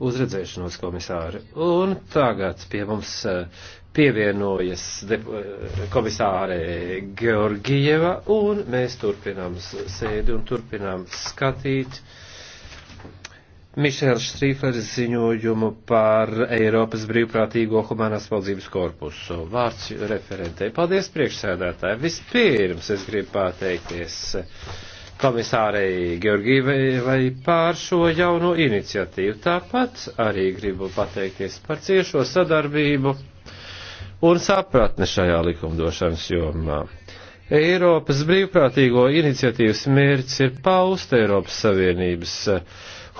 uz redzēšanos komisāri. Un tagad pie mums eh, pievienojas eh, komisāre Georgieva, un mēs turpinām sēdi un turpinām skatīt Mišēla Štrīfleris ziņojumu par Eiropas brīvprātīgo humanās paldzības korpusu. Vārds referentei. Paldies priekšsēdētāji. Vispirms es gribu pateikties komisārei Georgīvai pār šo jauno iniciatīvu. Tāpat arī gribu pateikties par ciešo sadarbību un sapratni šajā likumdošanas jomā. Eiropas brīvprātīgo iniciatīvas mērķis ir paust Eiropas Savienības eh,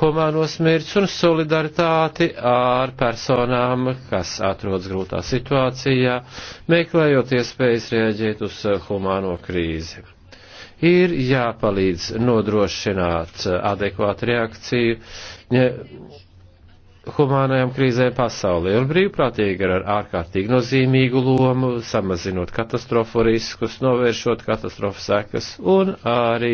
humānos mērķus un solidaritāti ar personām, kas atrodas grūtā situācijā, meklējot iespējas rēģēt uz eh, humāno krīzi ir jāpalīdz nodrošināt eh, adekvātu reakciju eh, humānajām krīzēm pasaulē, un brīvprātīgi ir ar ārkārtīgi nozīmīgu lomu, samazinot katastrofu riskus, novēršot katastrofu sekas un arī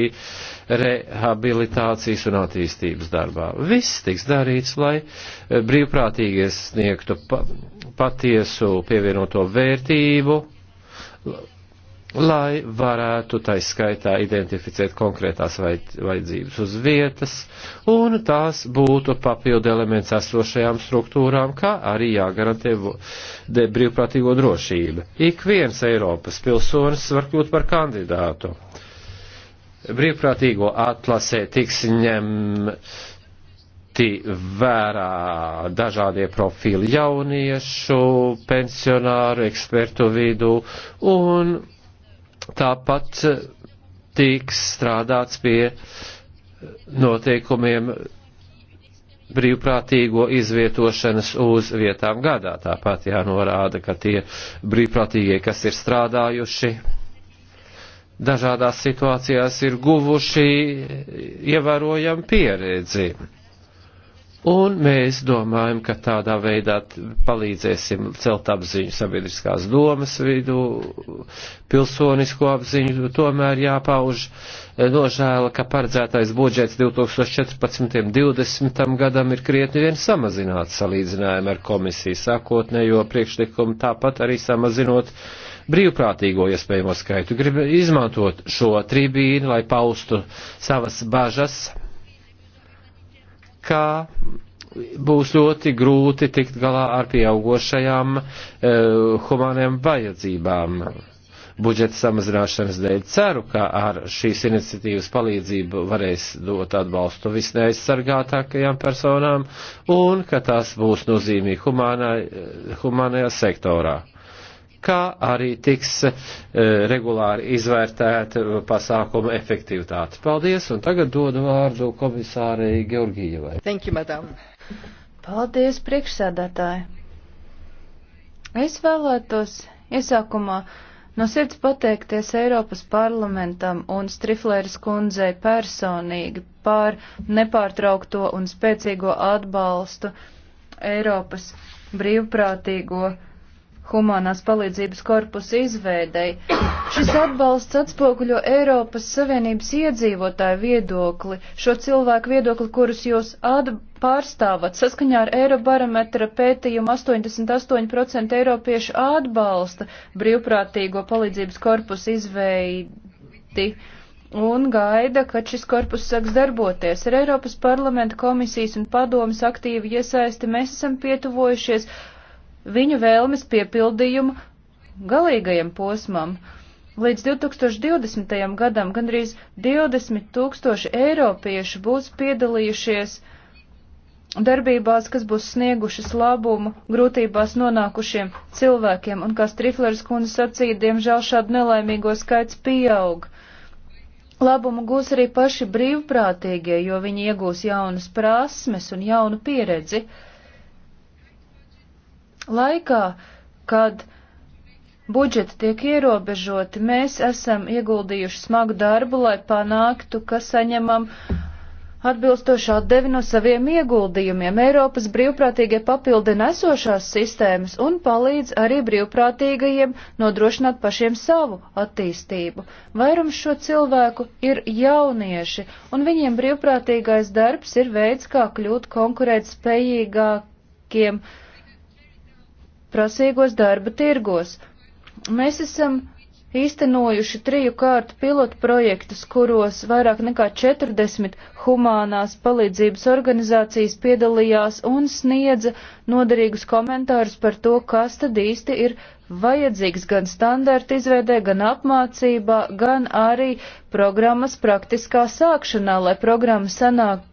rehabilitācijas un attīstības darbā. Viss tiks darīts, lai eh, brīvprātīgie sniegtu pa patiesu pievienoto vērtību lai varētu tai skaitā identificēt konkrētās vajadzības uz vietas, un tās būtu papildu elements esošajām struktūrām, kā arī jāgarantē brīvprātīgo drošība. Ik viens Eiropas pilsonis var kļūt par kandidātu. Brīvprātīgo atlasē tiks ņemti vērā dažādie profili jauniešu, pensionāru, ekspertu vidū un Tāpat eh, tiks strādāts pie eh, noteikumiem brīvprātīgo izvietošanas uz vietām gadā. Tāpat jānorāda, ka tie brīvprātīgie, kas ir strādājuši dažādās situācijās, ir guvuši ievērojam pieredzi Un mēs domājam, ka tādā veidā palīdzēsim celt apziņu sabiedriskās domas vidū, pilsonisko apziņu. Tomēr jāpauž eh, nožēla, ka paredzētais budžets 2014.20. gadam ir krietni vien samazināts salīdzinājumā ar komisiju sākotnējo priekšlikumu, tāpat arī samazinot brīvprātīgo iespējamo skaitu. Gribu izmantot šo tribīnu, lai paustu savas bažas ka būs ļoti grūti tikt galā ar pieaugošajām uh, humaniem vajadzībām budžeta samazināšanas dēļ. Ceru, ka ar šīs iniciatīvas palīdzību varēs dot atbalstu visneaizsargātākajām personām un ka tās būs nozīmīgi eh, humānajā sektorā kā arī tiks eh, regulāri izvērtēta eh, pasākuma efektivitāte. Paldies, un tagad dodu vārdu komisārei Georgijevai. Thank you, madam. Paldies, priekšsēdētāji. Es vēlētos iesākumā no sirds pateikties Eiropas parlamentam un Striflēras kundzei personīgi par nepārtraukto un spēcīgo atbalstu Eiropas brīvprātīgo humanās palīdzības korpusa izveidei. Šis atbalsts atspoguļo Eiropas Savienības iedzīvotāju viedokli, šo cilvēku viedokli, kurus jūs pārstāvat. Saskaņā ar Eirobarometra pētījumu 88% eiropiešu atbalsta brīvprātīgo palīdzības korpusa izveidi un gaida, kad šis korpus sāks darboties. Ar Eiropas parlamenta komisijas un padomas aktīvu iesaisti mēs esam pietuvojušies viņu vēlmes piepildījumu galīgajam posmam. Līdz 2020. gadam gandrīz 20 tūkstoši eiropiešu būs piedalījušies darbībās, kas būs sniegušas labumu grūtībās nonākušiem cilvēkiem, un kā Striflers kundze sacīja, diemžēl šādu nelaimīgo skaits pieaug. Labumu gūs arī paši brīvprātīgie, jo viņi iegūs jaunas prasmes un jaunu pieredzi. Uh, Laikā, kad budžeti tiek ierobežoti, mēs esam ieguldījuši smagu darbu, lai panāktu, ka saņemam atbilstoši atdevi no saviem ieguldījumiem. Eiropas brīvprātīgie papildina esošās sistēmas un palīdz arī brīvprātīgajiem nodrošināt pašiem savu attīstību. Vairums šo cilvēku ir jaunieši, un viņiem brīvprātīgais darbs ir veids, kā kļūt konkurētspējīgākiem spējīgākiem prasīgos darba tirgos. Mēs esam īstenojuši triju kārtu pilotu projektus, kuros vairāk nekā 40 humānās palīdzības organizācijas piedalījās un sniedza noderīgus komentārus par to, kas tad īsti ir vajadzīgs gan standarta izveidē, gan apmācībā, gan arī programmas praktiskā sākšanā, lai programma sanāk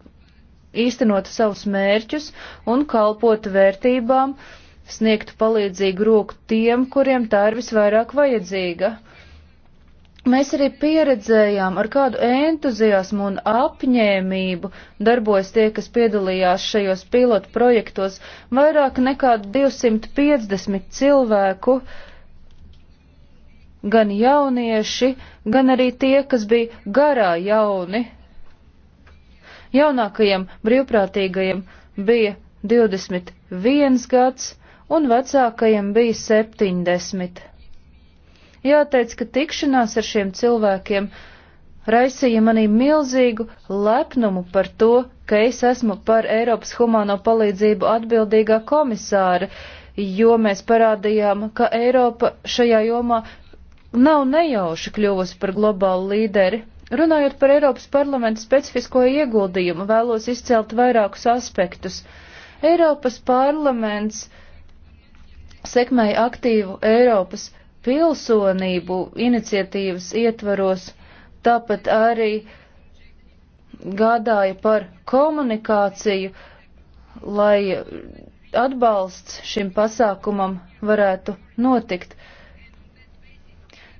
īstenotu savus mērķus un kalpotu vērtībām, uh, sniegtu palīdzīgu roku tiem, kuriem tā ir visvairāk vajadzīga. Mēs arī pieredzējām, ar kādu entuziasmu un apņēmību darbojas tie, kas piedalījās šajos pilotu projektos, vairāk nekā 250 cilvēku, gan jaunieši, gan arī tie, kas bija garā jauni. Jaunākajiem brīvprātīgajiem bija 21 gads, un vecākajam bija 70. Jāteic, ka tikšanās ar šiem cilvēkiem raisīja manī milzīgu lepnumu par to, ka es esmu par Eiropas humāno palīdzību atbildīgā komisāra, jo mēs parādījām, ka Eiropa šajā jomā nav nejauši kļuvusi par globālu līderi. Runājot par Eiropas parlamentu specifisko ieguldījumu, vēlos izcelt vairākus aspektus. Eiropas parlaments uh, sekmēja aktīvu Eiropas pilsonību iniciatīvas ietvaros, tāpat arī gādāja par komunikāciju, lai atbalsts šim pasākumam varētu notikt.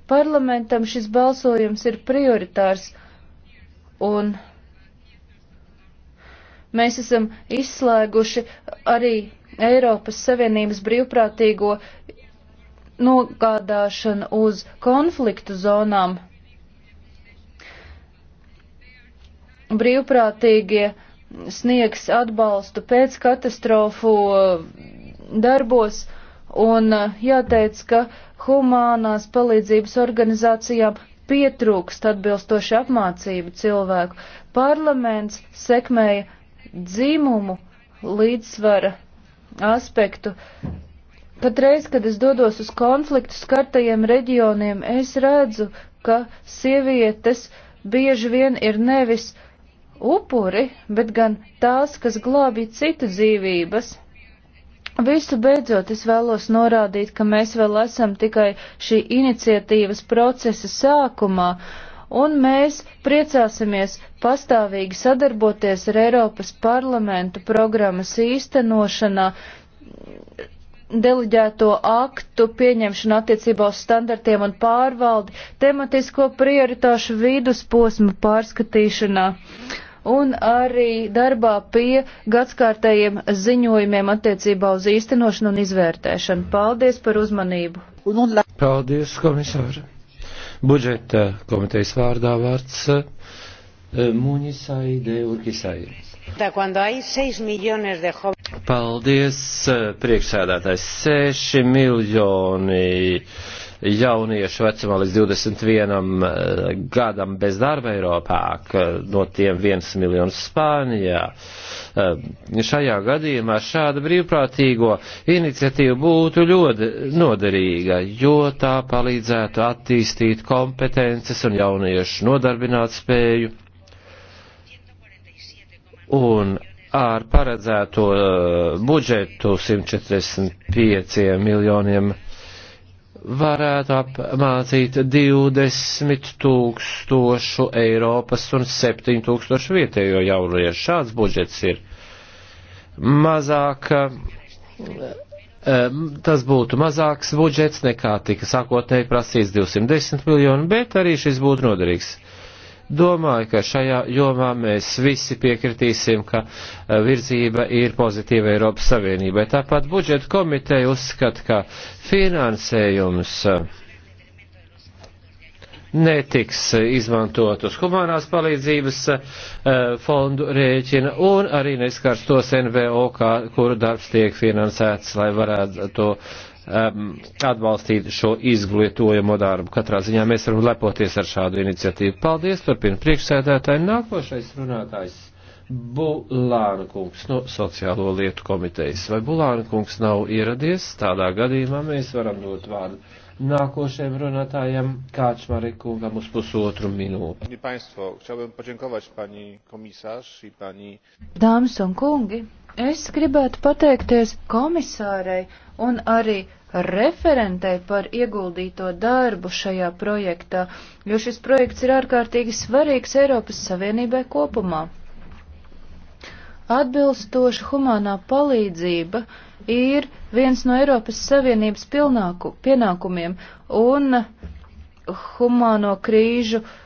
Parlamentam šis balsojums ir prioritārs, un mēs esam izslēguši arī Eiropas Savienības brīvprātīgo nogādāšanu uz konfliktu zonām. Brīvprātīgie sniegs atbalstu pēc katastrofu uh, darbos, un uh, jāteic, ka humānās palīdzības organizācijām pietrūkst atbilstoši apmācību cilvēku. Parlaments sekmēja dzimumu līdzsvara aspektu. Patreiz, kad es dodos uz konfliktu skartajiem reģioniem, es redzu, ka sievietes bieži vien ir nevis upuri, bet gan tās, kas glābj citu dzīvības. Visu beidzot, es vēlos norādīt, ka mēs vēl esam tikai šī iniciatīvas procesa sākumā, uh, un mēs priecāsimies pastāvīgi sadarboties ar Eiropas parlamentu programmas īstenošanā, deleģēto aktu pieņemšanu attiecībā uz standartiem un pārvaldi, tematisko prioritāšu vidusposmu pārskatīšanā un arī darbā pie gadskārtējiem ziņojumiem attiecībā uz īstenošanu un izvērtēšanu. Paldies par uzmanību! Paldies, komisāri! budžeta komitejas vārdā vārds eh, Muņisai Deurkisai. Paldies, eh, priekšsēdētājs. 6 miljoni jauniešu vecumā līdz 21 eh, gadam bez darba Eiropā, no tiem viens miljons Spānijā. Eh, šajā gadījumā šāda brīvprātīgo iniciatīva būtu ļoti noderīga, jo tā palīdzētu attīstīt kompetences un jauniešu nodarbināt spēju. Un ar paredzēto eh, budžetu 145 miljoniem eiro varētu apmācīt 20 tūkstošu Eiropas un 7 tūkstošu vietējo jauniešu. Šāds budžets ir mazāk, eh, tas būtu mazāks budžets nekā tika sākotnēji prasīts 210 miljonu, bet arī šis būtu noderīgs. Domāju, ka šajā jomā mēs visi piekritīsim, ka eh, virzība ir pozitīva Eiropas Savienībai. Tāpat budžeta komiteja uzskata, ka finansējums eh, netiks izmantot uz humanās palīdzības eh, fondu rēķina un arī neskars tos NVO, kā, kuru darbs tiek finansēts, lai varētu to um, atbalstīt šo izglītojamo darbu. Katrā ziņā mēs varam lepoties ar šādu iniciatīvu. Paldies, turpina priekšsēdētāji. Nākošais runātājs Bulāna kungs no Sociālo lietu komitejas. Vai Bulāna kungs nav ieradies? Tādā gadījumā mēs varam dot vārdu nākošajam runātājam Kāčmarek kungam uz pusotru minūti. Dāmas un kungi, Es gribētu pateikties komisārei un arī referentei par ieguldīto darbu šajā projektā, jo šis projekts ir ārkārtīgi svarīgs Eiropas Savienībai kopumā. Atbilstoša humanā palīdzība ir viens no Eiropas Savienības pilnāku, pienākumiem un humāno krīžu uh,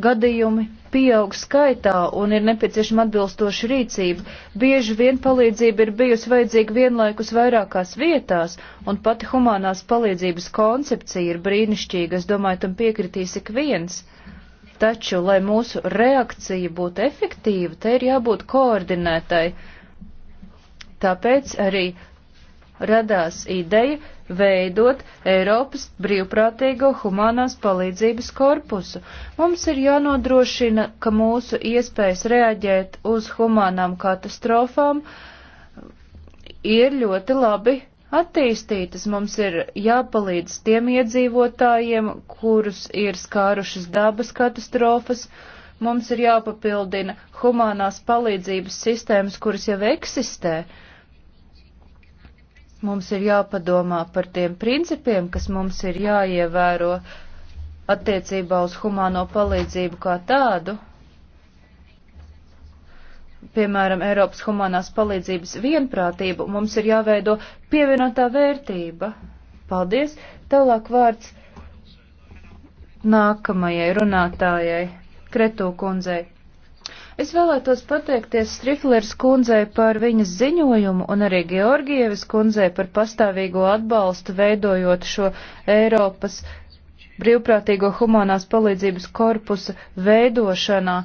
gadījumi pieaug skaitā un ir nepieciešama atbilstoša rīcība. Bieži vien palīdzība ir bijusi vajadzīga vienlaikus vairākās vietās, un pati humanās palīdzības koncepcija ir brīnišķīga, es domāju, tam piekritīs ik viens. Taču, lai mūsu reakcija būtu efektīva, tai ir jābūt koordinētai. Tāpēc arī radās ideja veidot Eiropas brīvprātīgo humanās palīdzības korpusu. Mums ir jānodrošina, ka mūsu iespējas reaģēt uz humanām katastrofām ir ļoti labi attīstītas. Mums ir jāpalīdz tiem iedzīvotājiem, kurus ir skārušas dabas katastrofas. Mums ir jāpapildina humanās palīdzības sistēmas, kuras jau eksistē. Uh, Mums ir jāpadomā par tiem principiem, kas mums ir jāievēro attiecībā uz humāno palīdzību kā tādu. Piemēram, Eiropas humanās palīdzības vienprātību mums ir jāveido pievienotā vērtība. Paldies! Tālāk vārds nākamajai runātājai, Kretū kundzei. Es vēlētos pateikties Striflers kundzei par viņas ziņojumu un arī Georgievis kundzei par pastāvīgo atbalstu veidojot šo Eiropas brīvprātīgo humanās palīdzības korpusu veidošanā,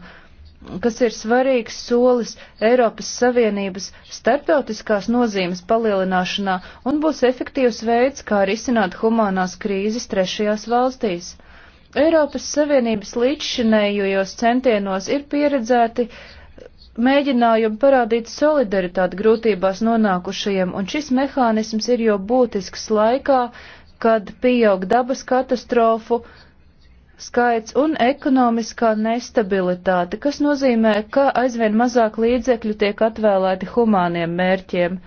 kas ir svarīgs solis Eiropas Savienības starptautiskās nozīmes palielināšanā un būs efektīvs veids, kā risināt humanās krīzes trešajās valstīs. Eiropas Savienības līdzšinējos centienos ir pieredzēti mēģinājumi parādīt solidaritāti grūtībās nonākušajiem, un šis mehānisms ir jau būtisks laikā, kad pieaug dabas katastrofu skaits un ekonomiskā nestabilitāte, kas nozīmē, ka aizvien mazāk līdzekļu tiek atvēlēti humāniem mērķiem.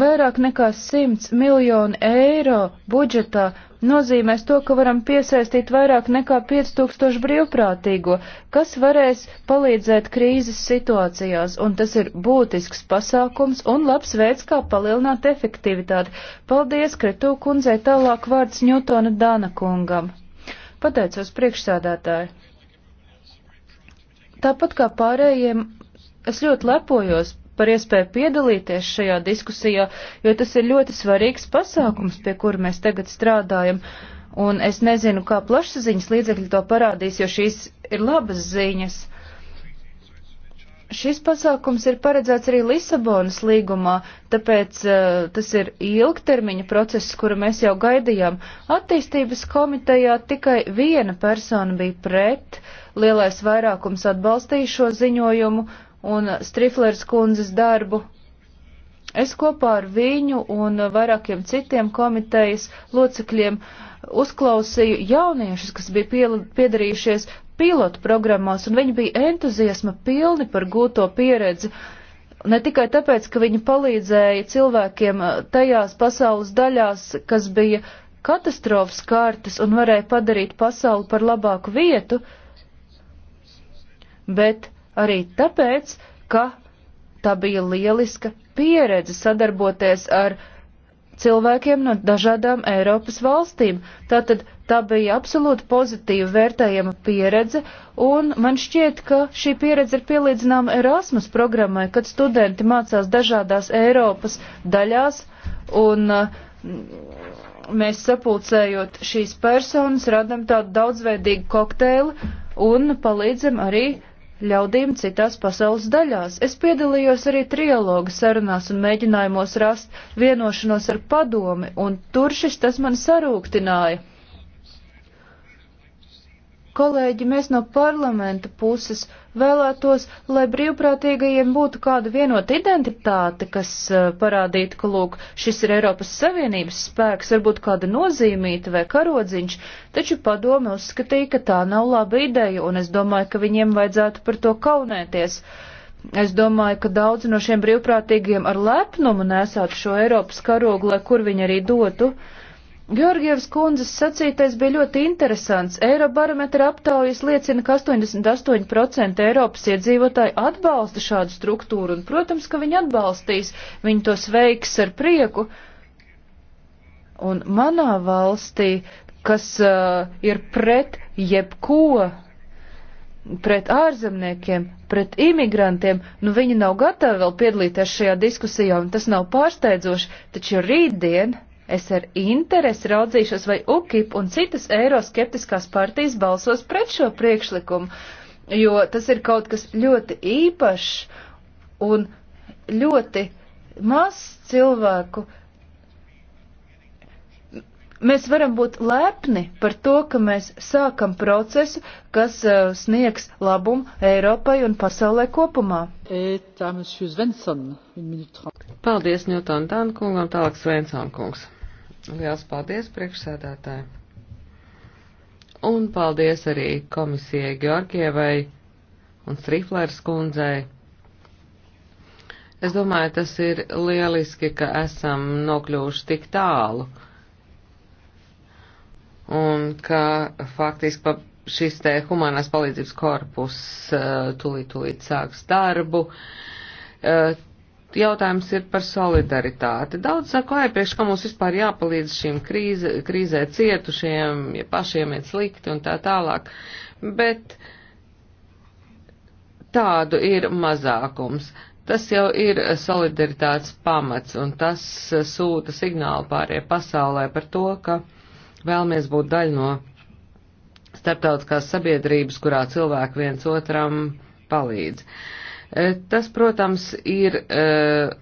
Vairāk nekā 100 miljonu eiro budžetā nozīmēs to, ka varam piesaistīt vairāk nekā 5000 brīvprātīgo, kas varēs palīdzēt krīzes situācijās, un tas ir būtisks pasākums un labs veids, kā palielināt efektivitāti. Paldies, Kretū kundzei, tālāk vārds Ņūtona Dāna kungam. Pateicos priekšsādātāju. Tāpat kā pārējiem, es ļoti lepojos par iespēju piedalīties šajā diskusijā, jo tas ir ļoti svarīgs pasākums, pie kura mēs tagad strādājam. Un es nezinu, kā plašsaziņas līdzekļi to parādīs, jo šīs ir labas ziņas. Šis pasākums ir paredzēts arī Lisabonas līgumā, tāpēc uh, tas ir ilgtermiņa process, kuru mēs jau gaidījām. Attīstības komitejā tikai viena persona bija pret, lielais vairākums atbalstīja šo ziņojumu, un Striflers kundzes darbu. Es kopā ar viņu un vairākiem citiem komitejas locekļiem uzklausīju jauniešus, kas bija piedarījušies pilotu programmās, un viņi bija entuziasma pilni par gūto pieredzi. Ne tikai tāpēc, ka viņi palīdzēja cilvēkiem eh, tajās pasaules daļās, kas bija katastrofas kārtas un varēja padarīt pasauli par labāku vietu, bet Arī tāpēc, ka tā bija lieliska pieredze sadarboties ar cilvēkiem no dažādām Eiropas valstīm. Tātad tā bija absolūti pozitīva vērtējama pieredze, un man šķiet, ka šī pieredze ir pielīdzināma Erasmus programmai, kad studenti mācās dažādās Eiropas daļās, un mm, mēs sapulcējot šīs personas radam tādu daudzveidīgu kokteili un palīdzam arī ļaudīm citās pasaules daļās. Es piedalījos arī trialoga sarunās un mēģinājumos rast vienošanos ar padomi, un tur šis tas man sarūktināja. Kolēģi, mēs no parlamenta puses vēlētos, lai brīvprātīgajiem būtu kāda vienota identitāte, kas uh, parādītu, ka, lūk, šis ir Eiropas Savienības spēks, varbūt kāda nozīmīta vai karodziņš, taču padome uzskatīja, ka tā nav laba ideja, un es domāju, ka viņiem vajadzētu par to kaunēties. Es domāju, ka daudzi no šiem brīvprātīgiem ar lepnumu nesātu šo Eiropas karogu, lai kur viņi arī dotu. Uh, Georgievas kundzes sacītais bija ļoti interesants. Eirobarometra aptaujas liecina, ka 88% Eiropas iedzīvotāji atbalsta šādu struktūru, un, protams, ka viņi atbalstīs, viņi to sveiks ar prieku. Un manā valstī, kas uh, ir pret jebko, pret ārzemniekiem, pret imigrantiem, nu viņi nav gatavi vēl piedalīties šajā diskusijā, un tas nav pārsteidzoši, taču rītdien Es ar interesi raudzīšos, vai UKIP un citas eiroskeptiskās partijas balsos pret šo priekšlikumu, jo tas ir kaut kas ļoti īpašs un ļoti maz cilvēku uh, Mēs varam būt lepni par to, ka mēs sākam procesu, kas uh, sniegs labumu Eiropai un pasaulē kopumā. Paldies, Ņūtona Dankungam, tālāk Svensonkungs. Liels paldies, priekšsēdētāji. Un paldies arī komisijai Georgievai un Striflērs kundzei. Es domāju, tas ir lieliski, ka esam nokļuvuši tik tālu. Uh, un ka faktiski pa šis te humanās palīdzības korpus eh, tulīt, tulīt sāks darbu. Eh, jautājums ir par solidaritāti. Daudz saka, lai priekš, ka mums vispār jāpalīdz šīm krīze, krīzē cietušiem, ja pašiem iet slikti un tā tālāk. Bet tādu ir mazākums. Tas jau ir solidaritātes pamats, un tas eh, sūta signālu pārējai pasaulē par to, ka uh, Vēlamies būt daļa no starptautiskās sabiedrības, kurā cilvēki viens otram palīdz. E, tas, protams, ir e,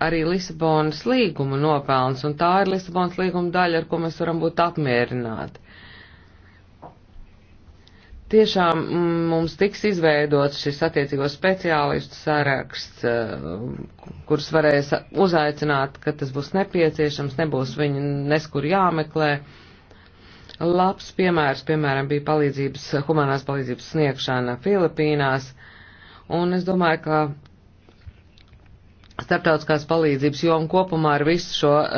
arī Lisabonas līguma nopelns, un tā ir Lisabonas līguma daļa, ar ko mēs varam būt apmierināti. Tiešām mums tiks izveidots šis attiecīgo speciālistu saraksts, e, kurus varēs uzaicināt, kad tas būs nepieciešams, nebūs viņu neskur jāmeklē. Uh, Labs piemērs, piemēram, bija palīdzības, humanās palīdzības sniegšana Filipīnās, un es domāju, ka starptautiskās palīdzības joma kopumā ar visu šo uh,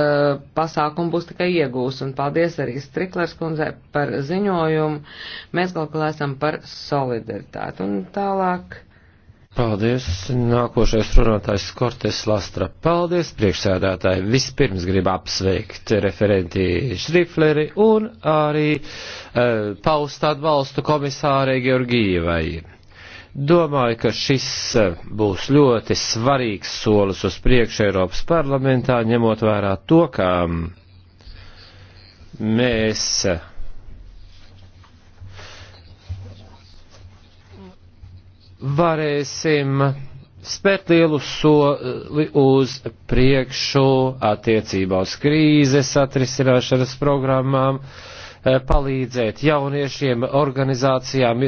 pasākumu būs tikai iegūs, un paldies arī Striklers kundzei par ziņojumu. Mēs galu galā esam par solidaritāti, un tālāk. Paldies. Nākošais runātājs Kortes Lastra. Paldies, priekšsēdētāji. Vispirms gribu apsveikt referenti Šrifleri un arī uh, paust atbalstu komisārai Georgijevai. Domāju, ka šis eh, būs ļoti svarīgs solis uz priekšu Eiropas parlamentā, ņemot vērā to, ka mm, mēs eh, varēsim spērt lielu soli uz priekšu attiecībā uz krīzes atrisināšanas programmām, eh, palīdzēt jauniešiem, organizācijām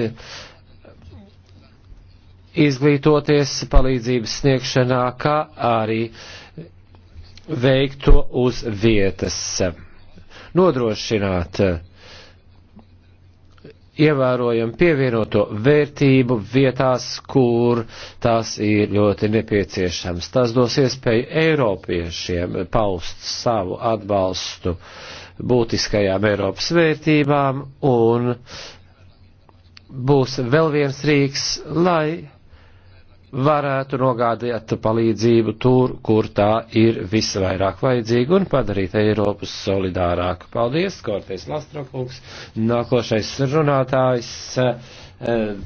izglītoties palīdzības sniegšanā, kā arī veikto uz vietas. Nodrošināt uh, ievērojam pievienoto vērtību vietās, kur tās ir ļoti nepieciešams. Tas dos iespēju Eiropiešiem paust savu atbalstu būtiskajām Eiropas vērtībām un būs vēl viens rīks, lai varētu nogādāt palīdzību tur, kur tā ir visvairāk vajadzīga un padarīt Eiropas solidārāku. Paldies, Korties Lastrokungs, nākošais runātājs eh,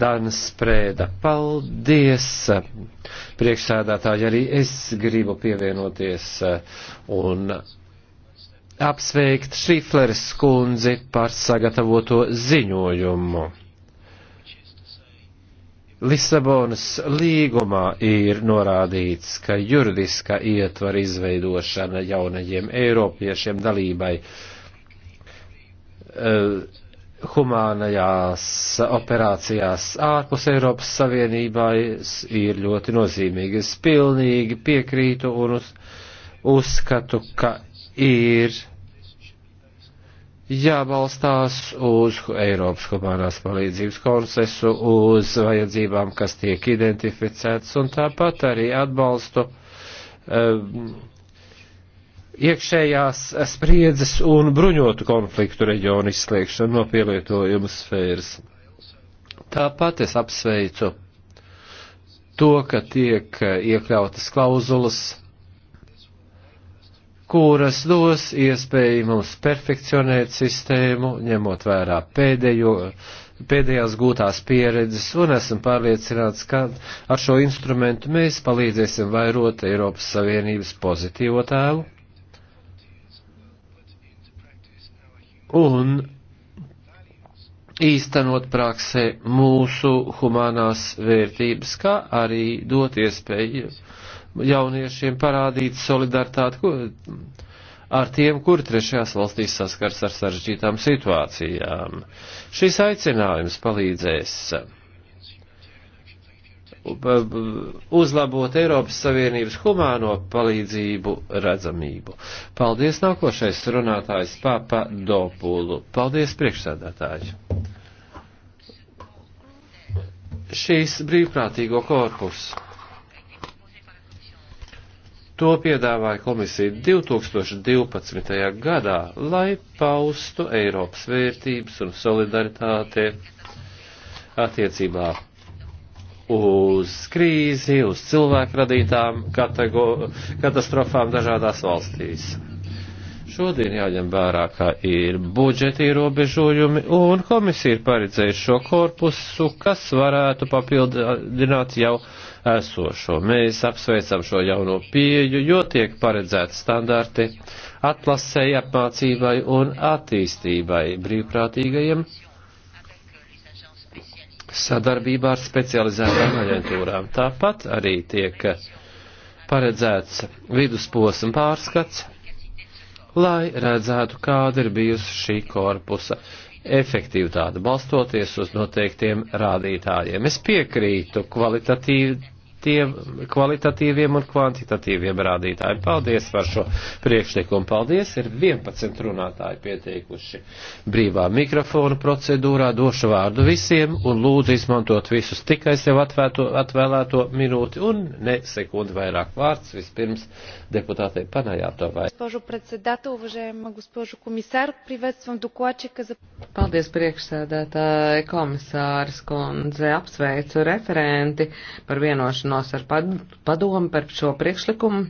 Danas Prēda. Paldies, priekšsēdātāji, arī es gribu pievienoties eh, un apsveikt Šrifleres kundzi par sagatavoto ziņojumu Lisabonas līgumā ir norādīts, ka juridiska ietvara izveidošana jaunajiem eiropiešiem dalībai uh, humānajās operācijās ārpus Eiropas Savienībai ir ļoti nozīmīga. Es pilnīgi piekrītu un uz, uzskatu, ka ir jābalstās uz Eiropas humanās palīdzības konsesu, uz vajadzībām, kas tiek identificētas, un tāpat arī atbalstu um, iekšējās spriedzes un bruņotu konfliktu reģionu izslēgšanu no pielietojuma sfēras. Tāpat es apsveicu to, ka tiek iekļautas klauzulas kuras dos iespēju mums perfekcionēt sistēmu, ņemot vērā pēdējo, pēdējās gūtās pieredzes, un esam pārliecināts, ka ar šo instrumentu mēs palīdzēsim vairot Eiropas Savienības pozitīvo tēlu. Un īstenot praksē mūsu humanās vērtības, kā arī dot iespēju uh, jauniešiem parādīt solidaritāti ar tiem, kuri trešajās valstīs saskars ar sarežģītām situācijām. Šis aicinājums palīdzēs uh, uzlabot Eiropas Savienības humāno palīdzību redzamību. Paldies nākošais runātājs Papa Dopulu. Paldies priekšsēdētāji. Šīs brīvprātīgo korpusu To piedāvāja komisija 2012. gadā, lai paustu Eiropas vērtības un solidaritāte attiecībā uz krīzi, uz cilvēku radītām katastrofām dažādās valstīs. Šodien jāņem vērā, ka ir budžeti ierobežojumi, un komisija ir paredzējusi šo korpusu, kas varētu papildināt jau uh, esošo. Mēs apsveicam šo jauno pieju, jo tiek paredzēti standarti atlasēji apmācībai un attīstībai brīvprātīgajiem sadarbībā ar specializētām aģentūrām. Tāpat arī tiek paredzēts vidusposma pārskats, lai redzētu, kāda ir bijusi šī korpusa efektivitāti, balstoties uz noteiktiem rādītājiem. Es piekrītu kvalitatīvi tiem kvalitatīviem un kvantitatīviem rādītājiem. Paldies par šo priekšlikumu. Paldies. Ir 11 runātāji pieteikuši brīvā mikrofona procedūrā. Došu vārdu visiem un lūdzu izmantot visus tikai sev atvēto, atvēlēto minūti un ne sekundi vairāk vārds. Vispirms deputātei Panajātovai. Paldies, priekšsēdētāji komisārs kundze. Apsveicu referenti par vienošanos sarunās ar padomu par šo priekšlikumu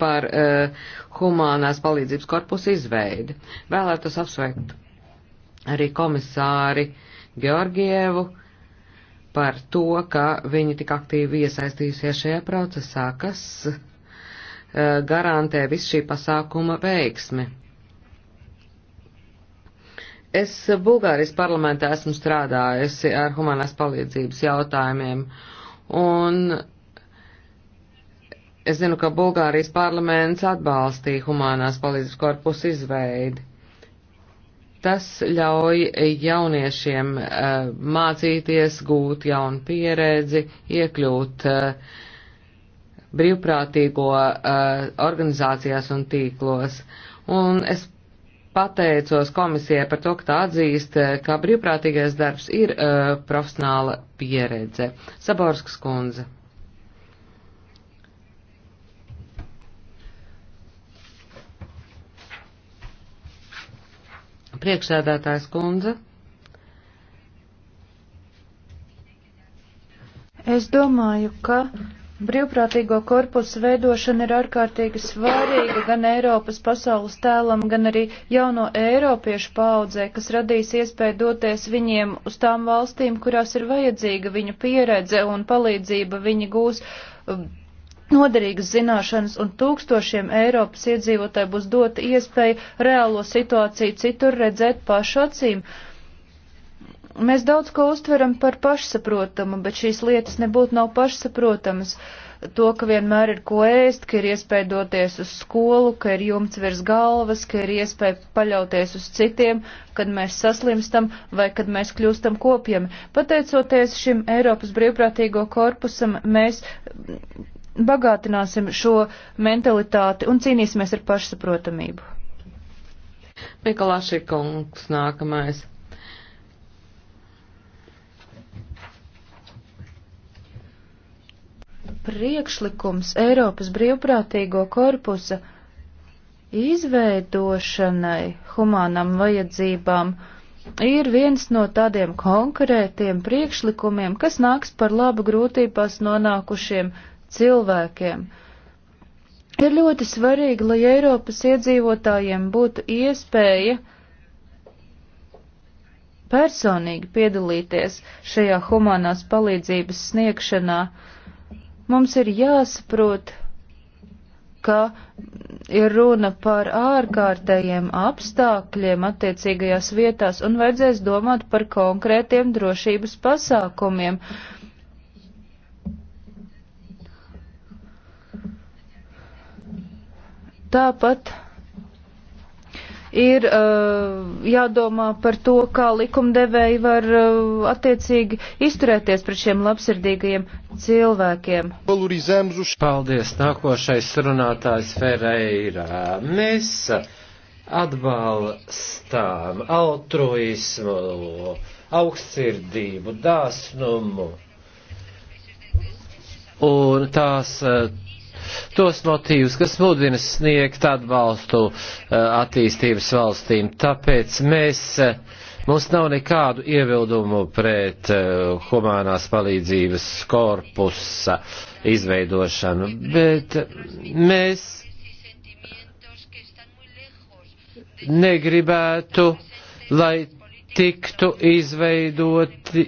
par uh, eh, humānās palīdzības korpusu izveidi. Vēlētos apsveikt arī komisāri Georgievu par to, ka viņi tik aktīvi iesaistījusies šajā procesā, kas uh, garantē visu šī pasākuma veiksmi. Es Bulgārijas parlamentā esmu strādājusi ar humanās palīdzības jautājumiem. Uh, Un es zinu, ka Bulgārijas parlaments atbalstīja humanās palīdzības korpusu izveidi. Tas ļauj jauniešiem uh, mācīties, gūt jaunu pieredzi, iekļūt uh, brīvprātīgo uh, organizācijās un tīklos. Un es pateicos komisijai par to, ka tā atzīst, eh, ka brīvprātīgais darbs ir uh, profesionāla pieredze. Saborskas kundze. Priekšsēdētājs kundze. Es domāju, ka Brīvprātīgo korpusu veidošana ir ārkārtīgi svarīga gan Eiropas pasaules tēlam, gan arī jauno Eiropiešu paudzē, kas radīs iespēju doties viņiem uz tām valstīm, kurās ir vajadzīga viņu pieredze un palīdzība, viņi gūs um, noderīgas zināšanas un tūkstošiem Eiropas iedzīvotāji būs dota iespēja reālo situāciju citur redzēt pašu acīm. Uh, Mēs daudz ko uztveram par pašsaprotamu, bet šīs lietas nebūtu nav pašsaprotamas. To, ka vienmēr ir ko ēst, ka ir iespēja doties uz skolu, ka ir jumts virs galvas, ka ir iespēja paļauties uz citiem, kad mēs saslimstam vai kad mēs kļūstam kopjami. Pateicoties šim Eiropas brīvprātīgo korpusam, mēs bagātināsim šo mentalitāti un cīnīsimies ar pašsaprotamību. Mikalāši kungs nākamais. priekšlikums Eiropas brīvprātīgo korpusa izveidošanai humānam vajadzībām ir viens no tādiem konkrētiem priekšlikumiem, kas nāks par labu grūtībās nonākušiem cilvēkiem. Ir ļoti svarīgi, lai Eiropas iedzīvotājiem būtu iespēja personīgi piedalīties šajā humanās palīdzības sniegšanā. Uh, Mums ir jāsaprot, ka ir runa par ārkārtējiem apstākļiem attiecīgajās vietās un vajadzēs domāt par konkrētiem drošības pasākumiem. Tāpat ir uh, jādomā par to, kā likumdevēji var uh, attiecīgi izturēties pret šiem labsirdīgajiem cilvēkiem. Paldies, nākošais runātājs Ferreira. Mēs atbalstām altruismu, augstsirdību, dāsnumu un tās uh, tos motīvus, kas mudina sniegt atbalstu eh, attīstības valstīm. Tāpēc mēs, eh, mums nav nekādu ievildumu pret eh, humanās palīdzības korpusa izveidošanu, bet mēs negribētu, lai tiktu izveidoti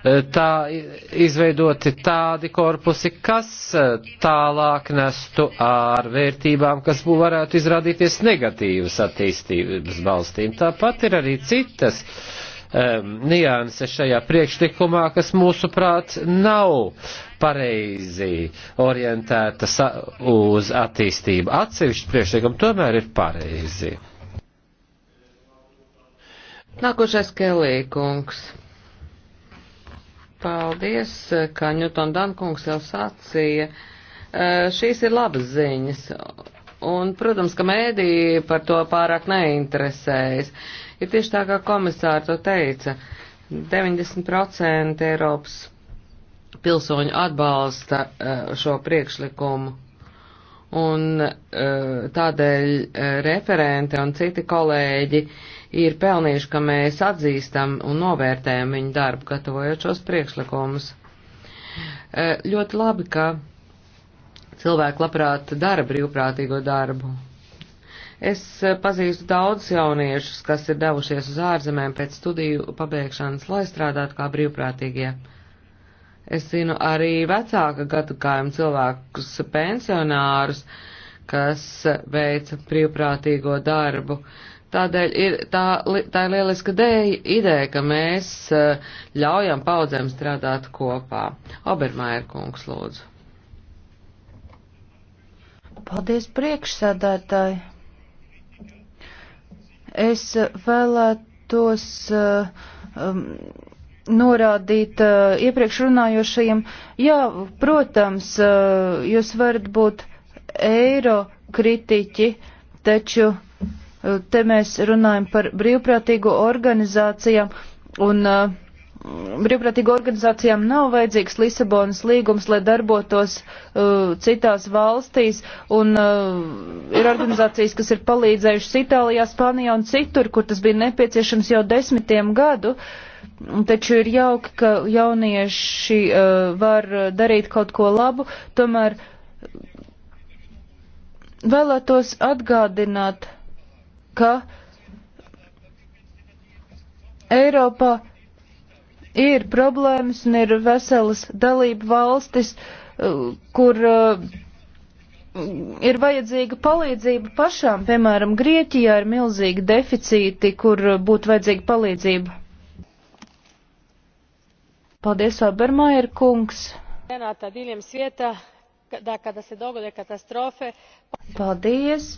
Eh, tā izveidoti tādi korpusi, kas eh, tālāk nestu ar vērtībām, kas varētu izrādīties negatīvas attīstības valstīm. Tāpat ir arī citas um, nianses šajā priekšlikumā, kas mūsuprāt nav pareizi orientētas uz attīstību. Atsevišķi priekšlikumi tomēr ir pareizi. Nākošais Kelī kungs. Paldies, kā Ņuton Dankungs jau sacīja. Šīs ir labas ziņas. Un, protams, ka mēdī par to pārāk neinteresējas. Ir tieši tā, kā komisāra to teica, 90% Eiropas pilsoņu atbalsta šo priekšlikumu un eh, tādēļ eh, referente un citi kolēģi ir pelnījuši, ka mēs atzīstam un novērtējam viņu darbu, gatavojot šos priekšlikumus. Eh, ļoti labi, ka cilvēki labprāt dara brīvprātīgo darbu. Es pazīstu daudz jauniešus, kas ir devušies uz ārzemēm pēc studiju pabeigšanas, lai strādātu kā brīvprātīgie. Ja Es zinu arī vecāka gadagājuma cilvēkus, pensionārus, kas veica brīvprātīgo darbu. Tādēļ ir tā, tā ir lieliska dēļ, ideja, ka mēs eh, ļaujam paudzēm strādāt kopā. Obermaier kungs, lūdzu. Paldies priekšsēdētāji. Es vēlētos. Eh, um, norādīt uh, iepriekš runājošajiem, jā, protams, uh, jūs varat būt eiro kritiķi, taču uh, te mēs runājam par brīvprātīgo organizācijām un uh, brīvprātīgo organizācijām nav vajadzīgs Lisabonas līgums, lai darbotos uh, citās valstīs, un uh, ir organizācijas, kas ir palīdzējušas Itālijā, Spānijā un citur, kur tas bija nepieciešams jau desmitiem gadu. Uh, Taču ir jauki, ka jaunieši uh, var darīt kaut ko labu, tomēr vēlētos atgādināt, ka Eiropā ir problēmas un ir veselas dalība valstis, uh, kur uh, ir vajadzīga palīdzība pašām. Piemēram, Grieķijā ir milzīgi deficīti, kur būtu vajadzīga palīdzība Paldies, Obermajer kungs. Paldies.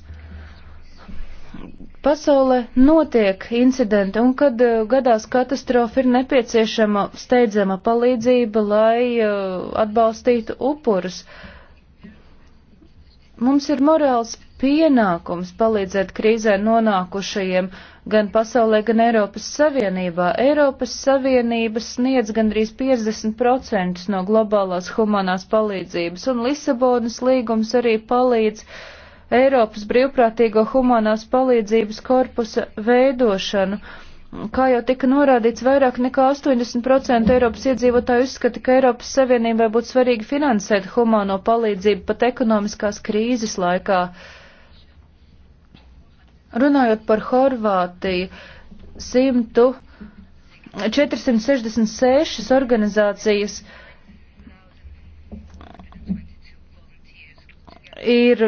Pasaulē notiek incidenti, un kad eh, gadās katastrofa, ir nepieciešama steidzama palīdzība, lai eh, atbalstītu upurus. Mums ir morāls pienākums palīdzēt krīzē nonākušajiem gan pasaulē, gan Eiropas Savienībā. Eiropas Savienība sniedz gandrīz 50% no globālās humanās palīdzības, un Lisabonas līgums arī palīdz Eiropas brīvprātīgo humanās palīdzības korpusa veidošanu. Kā jau tika norādīts, vairāk nekā 80% Eiropas iedzīvotāju uzskata, ka Eiropas Savienībai būtu svarīgi finansēt humāno palīdzību pat ekonomiskās krīzes laikā. Uh, Runājot par Horvātiju, 100, 466 organizācijas ir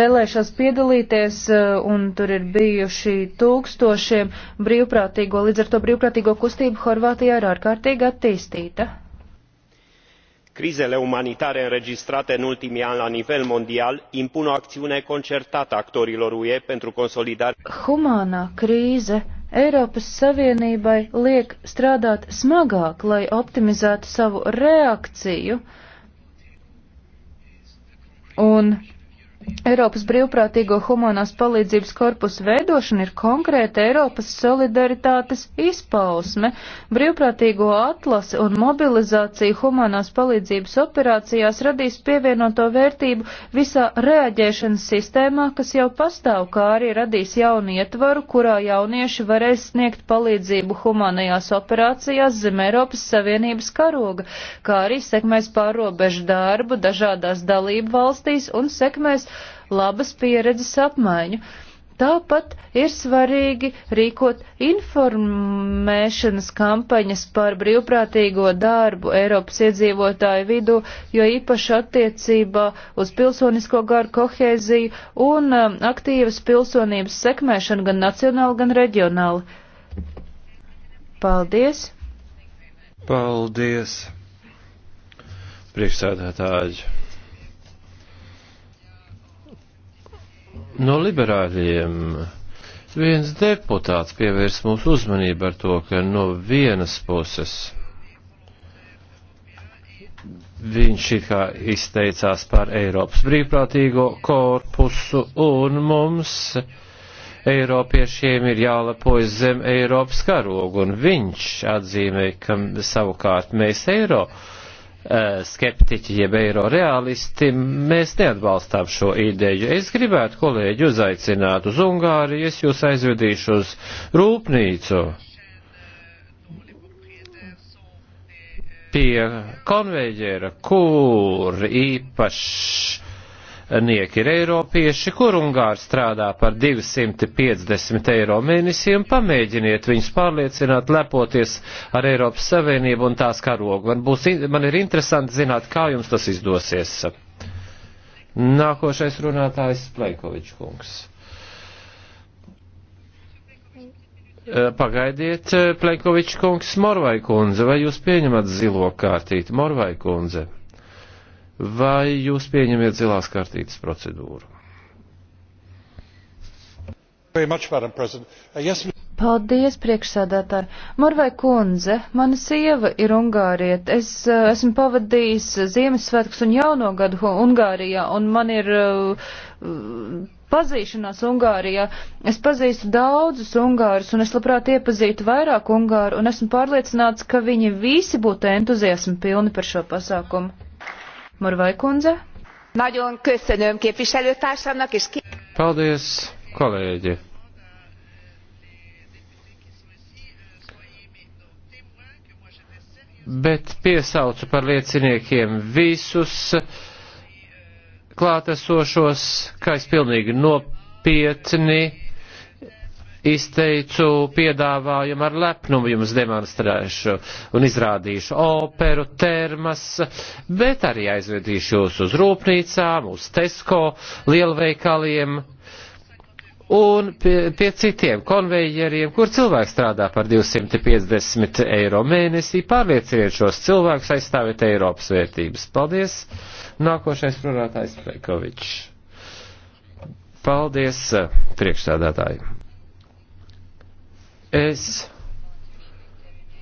vēlējušās piedalīties, eh, un tur ir bijuši tūkstošiem brīvprātīgo, līdz ar to brīvprātīgo kustību Horvātijā ir ārkārtīgi attīstīta crizele umanitare înregistrate în ultimii ani la nivel mondial impun o acțiune concertată a actorilor ue pentru consolidarea. humānā krīze Eiropas Savienībai liek strādāt smagāk, lai optimizētu savu reakciju un Eiropas brīvprātīgo humanās palīdzības korpusu veidošana ir konkrēta Eiropas solidaritātes izpausme. Brīvprātīgo atlase un mobilizācija humanās palīdzības operācijās radīs pievienoto vērtību visā reaģēšanas sistēmā, kas jau pastāv, kā arī radīs jaunu ietvaru, kurā jaunieši varēs sniegt palīdzību humanajās operācijās zem Eiropas Savienības karoga, kā arī sekmēs pārobežu darbu dažādās dalību valstīs un sekmēs labas pieredzes apmaiņu. Tāpat ir svarīgi rīkot informēšanas kampaņas par brīvprātīgo darbu Eiropas iedzīvotāju vidū, jo īpaši attiecībā uz pilsonisko garu kohēziju un um, aktīvas pilsonības sekmēšanu gan nacionāli, gan reģionāli. Paldies! Paldies! Priekšsēdētāji! no liberāļiem viens deputāts pievērs mūsu uzmanību ar to, ka no vienas puses viņš it kā izteicās par Eiropas brīvprātīgo korpusu un mums Eiropiešiem ir jālepojas zem Eiropas karogu un viņš atzīmē, ka savukārt mēs Eiropu Eh, skeptiķi jeb eiro realisti, mēs neatbalstām šo ideju. Es gribētu kolēģi uzaicināt uz Ungāriju, es jūs aizvedīšu uz rūpnīcu pie konveģera, kur īpašs nieki ir eiropieši, kur Ungāri strādā par 250 eiro mēnesī un pamēģiniet viņus pārliecināt, lepoties ar Eiropas Savienību un tās karogu. Man, būs, man ir interesanti zināt, kā jums tas izdosies. Nākošais runātājs Plēkovičs kungs. Pagaidiet, Plenkovičs kungs, Morvai kundze, vai jūs pieņemat zilo kārtīti, Morvai kundze? vai jūs pieņemiet zilās kartītes procedūru? Uh, Paldies, priekšsādātāji. Morvai kundze, mana sieva ir Ungāriet. Es uh, esmu pavadījis Ziemassvētkus un jauno gadu Ungārijā, un man ir uh, pazīšanās Ungārijā. Es pazīstu daudzus Ungārus, un es labprāt iepazītu vairāk Ungāru, un esmu pārliecināts, ka viņi visi būtu entuziasmi pilni par šo pasākumu. Morvai kundze. Nagyon köszönöm képviselőtársamnak, és ki... Paldies, kolēģi! Bet piesaucu par lieciniekiem visus klātesošos, ka es pilnīgi nopietni izteicu piedāvājumu ar lepnumu jums demonstrēšu un izrādīšu operu, termas, bet arī aizvedīšu jūs uz rūpnīcām, uz Tesco lielveikaliem un pie, pie citiem konvejeriem, kur cilvēks strādā par 250 eiro mēnesī. Pārlieciniet šos cilvēkus aizstāvēt Eiropas vērtības. Paldies! Nākošais runātājs Pekovičs. Paldies priekšstādātājiem! Es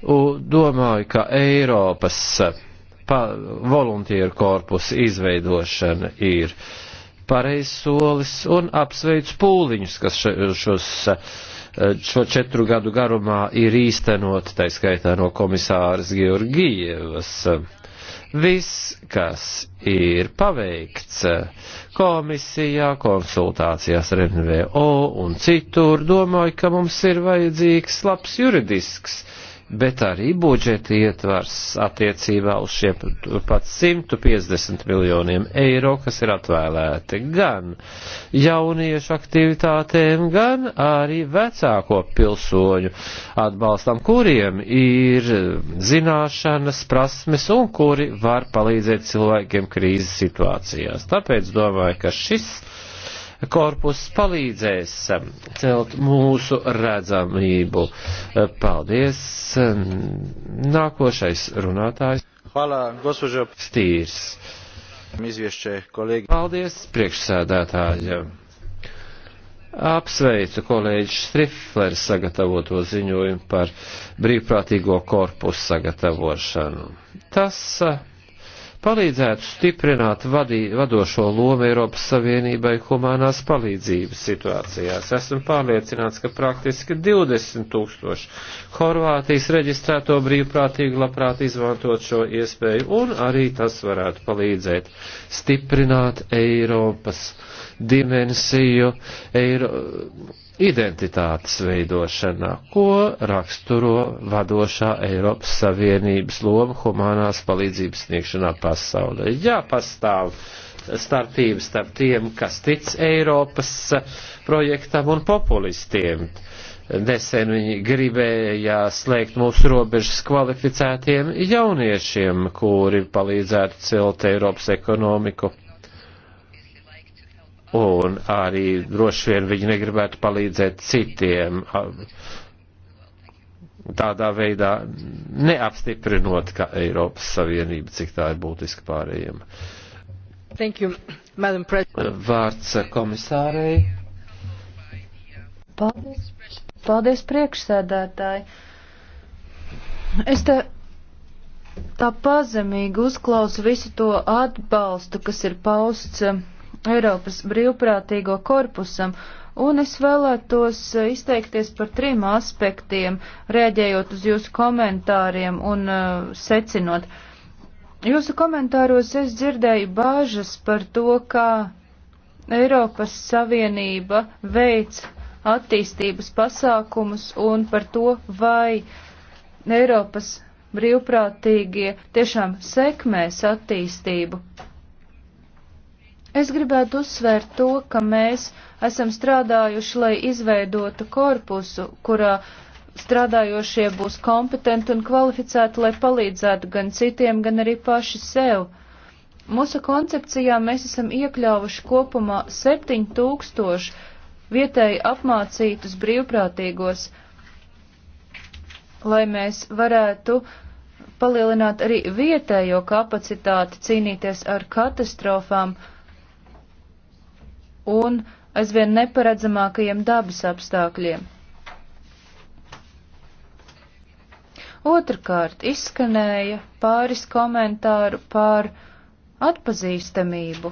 domāju, ka Eiropas eh, voluntieru korpusu izveidošana ir pareizs solis un apsveicu pūliņus, kas šos, eh, šo četru gadu garumā ir īstenot, tā skaitā no komisāras Georgievas Viss, kas ir paveikts eh, komisijā, konsultācijās ar NVO un citur, domāju, ka mums ir vajadzīgs labs juridisks bet arī budžeta ietvars attiecībā uz šiem pat 150 miljoniem eiro, kas ir atvēlēti gan jauniešu aktivitātēm, gan arī vecāko pilsoņu atbalstam, kuriem ir zināšanas, prasmes un kuri var palīdzēt cilvēkiem krīzes situācijās. Tāpēc domāju, ka šis korpus palīdzēs celt mūsu redzamību. Paldies. Nākošais runātājs. Hvala, gospođo. Stīrs. Izviešķē, kolēģi. Paldies, priekšsēdētāji. Apsveicu kolēģi Strifleru sagatavoto ziņojumu par brīvprātīgo korpusu sagatavošanu. Tas uh, palīdzētu stiprināt vadī, vadošo lomu Eiropas Savienībai humanās palīdzības situācijās. Esmu pārliecināts, ka praktiski 20 tūkstoši Horvātijas reģistrēto brīvprātīgi labprāt izmantot šo iespēju, un arī tas varētu palīdzēt stiprināt Eiropas dimensiju eiro uh, identitātes veidošanā, ko raksturo vadošā Eiropas Savienības loma humanās palīdzības sniegšanā pasaulē. Jā, pastāv starpība starp tiem, kas tic Eiropas uh, projektam un populistiem. Nesen viņi gribēja slēgt mūsu robežas kvalificētiem jauniešiem, kuri palīdzētu celt Eiropas ekonomiku un arī droši vien viņi negribētu palīdzēt citiem, tādā veidā neapstiprinot, ka Eiropas Savienība, cik tā ir būtiska pārējiem. Thank you, Madam President. Vārds komisārei. Paldies, paldies priekšsēdētāji. Es te tā pazemīgi uzklausu visu to atbalstu, kas ir pausts. Uh, Eiropas brīvprātīgo korpusam, un es vēlētos eh, izteikties par trim aspektiem, rēģējot uz jūsu komentāriem un uh, secinot. Jūsu komentāros es dzirdēju bāžas par to, kā Eiropas Savienība veic attīstības pasākumus un par to, vai Eiropas brīvprātīgie tiešām sekmēs attīstību. Es gribētu uzsvērt to, ka mēs esam strādājuši, lai izveidotu korpusu, kurā strādājošie būs kompetenti un kvalificēti, lai palīdzētu gan citiem, gan arī paši sev. Mūsu koncepcijā mēs esam iekļāvuši kopumā 7000 vietēji apmācītus brīvprātīgos, lai mēs varētu palielināt arī vietējo kapacitāti cīnīties ar katastrofām, uh, un aizvien neparedzamākajiem dabas apstākļiem. Otrakārt izskanēja pāris komentāru par atpazīstamību,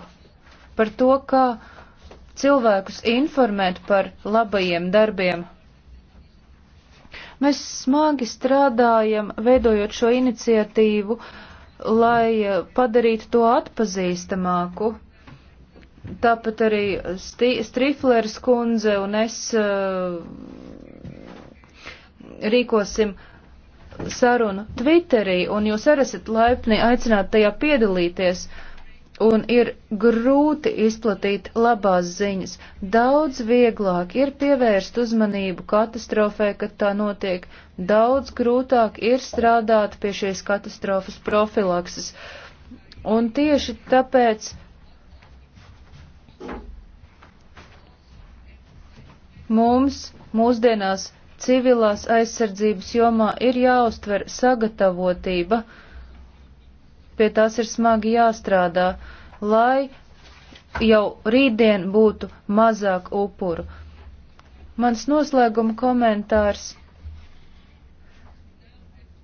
par to, kā cilvēkus informēt par labajiem darbiem. Mēs smagi strādājam, veidojot šo iniciatīvu, lai padarītu to atpazīstamāku Tāpat arī Sti Striflers kundze un es uh, rīkosim sarunu Twitterī, un jūs arī esat laipni aicināt tajā piedalīties. Un ir grūti izplatīt labās ziņas. Daudz vieglāk ir pievērst uzmanību katastrofē, kad tā notiek. Daudz grūtāk ir strādāt pie šīs katastrofas profilakses. Un tieši tāpēc Mums mūsdienās civilās aizsardzības jomā ir jāuztver sagatavotība, pie tās ir smagi jāstrādā, lai jau rītdien būtu mazāk upuru. Mans noslēguma komentārs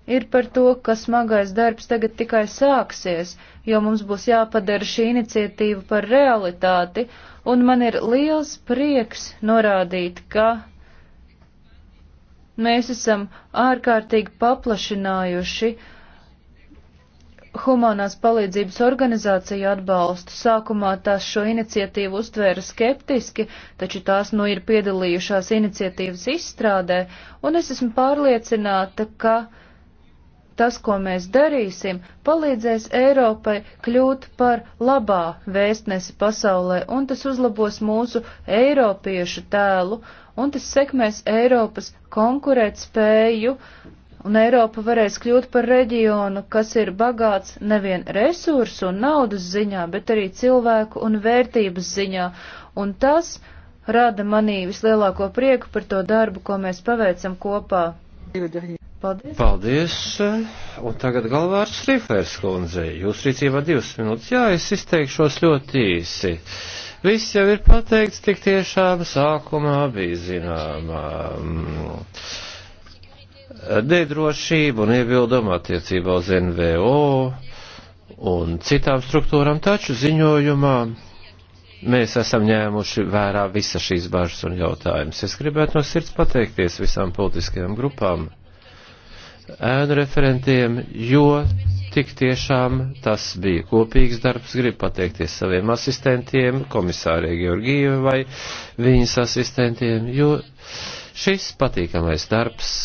ir par to, ka smagais darbs tagad tikai sāksies, jo mums būs jāpadara šī iniciatīva par realitāti, un man ir liels prieks norādīt, ka mēs esam ārkārtīgi paplašinājuši humanās palīdzības organizāciju atbalstu. Sākumā tās šo iniciatīvu uztvēra skeptiski, taču tās nu ir piedalījušās iniciatīvas izstrādē, un es esmu pārliecināta, ka tas, ko mēs darīsim, palīdzēs Eiropai kļūt par labā vēstnesi pasaulē, un tas uzlabos mūsu eiropiešu tēlu, un tas sekmēs Eiropas konkurētspēju, un Eiropa varēs kļūt par reģionu, kas ir bagāts nevien resursu un naudas ziņā, bet arī cilvēku un vērtības ziņā, un tas rada manī vislielāko prieku par to darbu, ko mēs paveicam kopā. Paldies. Paldies. Un tagad galvārds Rifers kundzei. Jūs rīcībā divas minūtes. Jā, es izteikšos ļoti īsi. Viss jau ir pateikts, tik tiešām sākumā bija zināmā mm, nedrošība un iebilduma attiecībā uz NVO un citām struktūram, taču ziņojumā mēs esam ņēmuši vērā visa šīs bažas un jautājumus. Es gribētu no sirds pateikties visām politiskajām grupām, ēnu referentiem, jo tik tiešām tas bija kopīgs darbs. Gribu pateikties saviem asistentiem, komisārie Georgijai vai viņas asistentiem, jo šis patīkamais darbs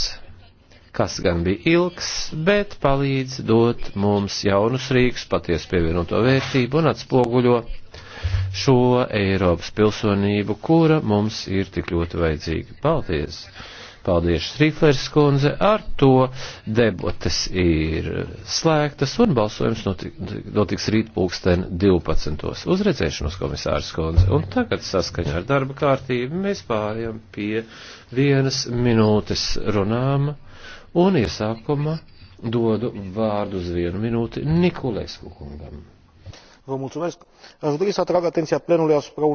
kas gan bija ilgs, bet palīdz dot mums jaunus rīks, patiesu pievienoto vērtību un atspoguļo šo Eiropas pilsonību, kura mums ir tik ļoti vajadzīga. Paldies! Paldies, Rīflers kundze, ar to debates ir slēgtas un balsojums notiks rīt pulksten 12. Uzredzēšanos komisārs kundze. Un tagad saskaņā ar darba kārtību mēs pārējām pie vienas minūtes runām un iesākuma dodu vārdu uz vienu minūti Nikolēs Kukungam aș dori să atrag atenția plenului asupra.